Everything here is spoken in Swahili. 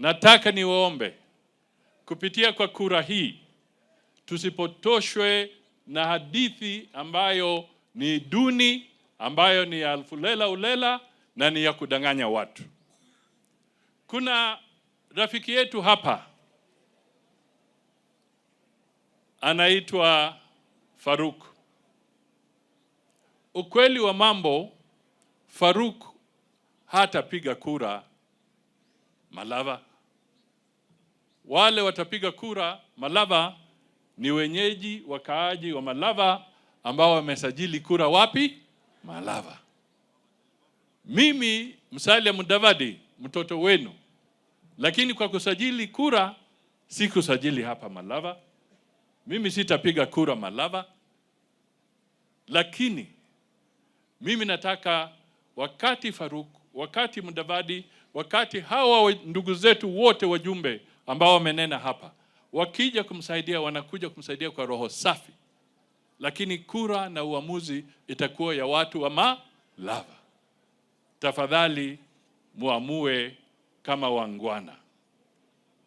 Nataka niwaombe kupitia kwa kura hii tusipotoshwe na hadithi ambayo ni duni, ambayo ni ya alfulela ulela na ni ya kudanganya watu. Kuna rafiki yetu hapa anaitwa Faruk. Ukweli wa mambo, Faruk hatapiga kura Malava wale watapiga kura Malava ni wenyeji wakaaji wa Malava ambao wamesajili kura wapi? Malava. Mimi Musalia Mudavadi mtoto wenu, lakini kwa kusajili kura sikusajili hapa Malava. Mimi sitapiga kura Malava, lakini mimi nataka wakati Faruk, wakati Mudavadi, wakati hawa ndugu zetu wote wajumbe ambao wamenena hapa, wakija kumsaidia wanakuja kumsaidia kwa roho safi, lakini kura na uamuzi itakuwa ya watu wa Malava. Tafadhali muamue kama wangwana.